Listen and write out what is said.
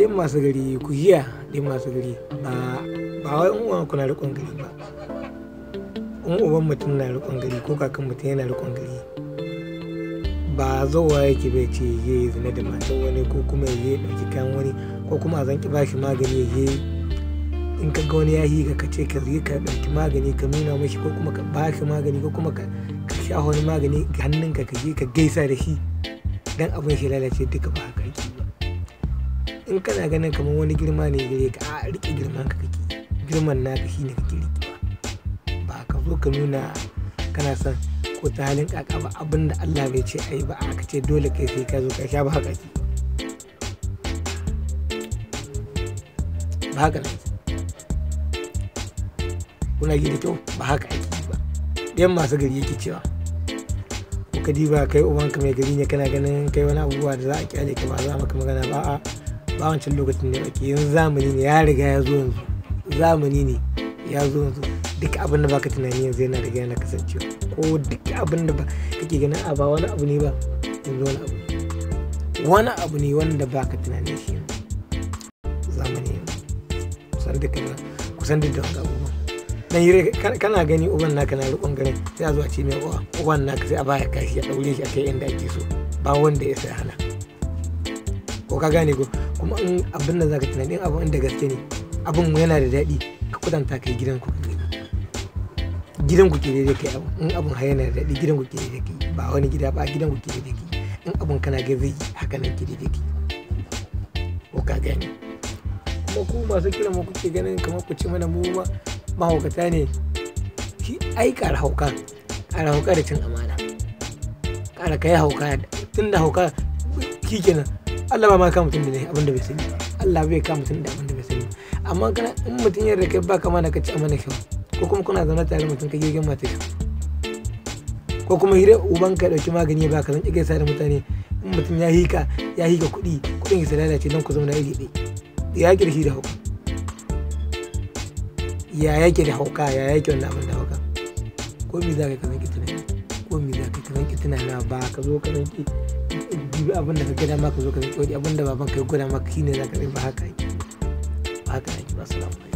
ɗin masu gari ku giya ɗin masu gari ba ba wai uwa ku na riƙon gari ba in uban mutum na riƙon gari ko kakan mutum yana riƙon gari ba zowa yake bai ce ya yi zina da matan wani ko kuma ya yi ɗauki kayan wani ko kuma a zanki bashi magani ya yi in ka ga wani ya yi ka ce ka zai ka ɗauki magani ka nuna mashi ko kuma ka bashi magani ko kuma ka sha wani magani hannunka ka je ka gaisa da shi dan abin shi lalace duka ba haka in kana ganin kamar wani girma ne gare ka a rike girman ka kake girman naka shine kake rikewa ba ka zo ka nuna kana son ko ta halin kaka ba abinda Allah bai ce ai ba aka ce dole kai sai ka zo ka sha ba haka ce ba haka ne kuna gida kyau ba haka ake ba ɗan masu gari yake cewa ko ka diba kai ka mai gari ne kana ganin kai wani abubuwa da za a kyale ka ba za maka magana ba a a wancan lokacin ne ake yanzu zamani ne ya riga ya zo yanzu zamani ne ya zo yanzu duk abin da baka tunani yanzu yana riga yana kasancewa ko duk abin da kake ganin a ba wani abu ne ba yanzu wani abu wani abu ne wanda baka tunani shi zamani ne kusan duka kusan duk da wanda abubuwa dan yi kana gani uban naka na rikon garin sai a zuwa ce mai uban naka sai a baya kashi a daure shi a kai inda ake so ba wanda ya sai hana ko ka gane ko kuma in abin da zaka tunani abu abin da gaske ne abin yana da daɗi ka kudanta kai gidan ku gidan ku ke daidai kai in abin har yana da daɗi gidan ku ke daidai kai ba wani gida ba gidan ku ke daidai kai in abin kana ga zai haka nan ke daidai kai ko ka gane kuma ku masu kiran mu kuke ganin kamar ku ci mana mu ma mahaukata ne ki ai ƙara hauka hauka da cin amana ƙara kai hauka tun da hauka kikenan Allah ba ma ka mutum da ne abin da bai sani Allah bai ka mutum da abin da bai sani amma kana in mutum yarda kai ba kama na ka ci amana kyau ko kuma kuna zaune tare mutum ka girgin mata kyau ko kuma hira uban ka dauki magani ba ka zan ki gaisa da mutane in mutum ya hika ya hika kuɗi kuɗin ya lalace don ku zauna iri ɗaya ya kirki da hauka ya yake da hauka ya yake wannan abin da hauka ko me za ka yi ka zan tunani ko me za ka yi ka zan tunani ba ka zo ka zan ki dibi abin da ka gada maka zo ka zai wani abin da baban ka ya gwada maka shine za ka zai ba haka yi ba haka yi ba salamu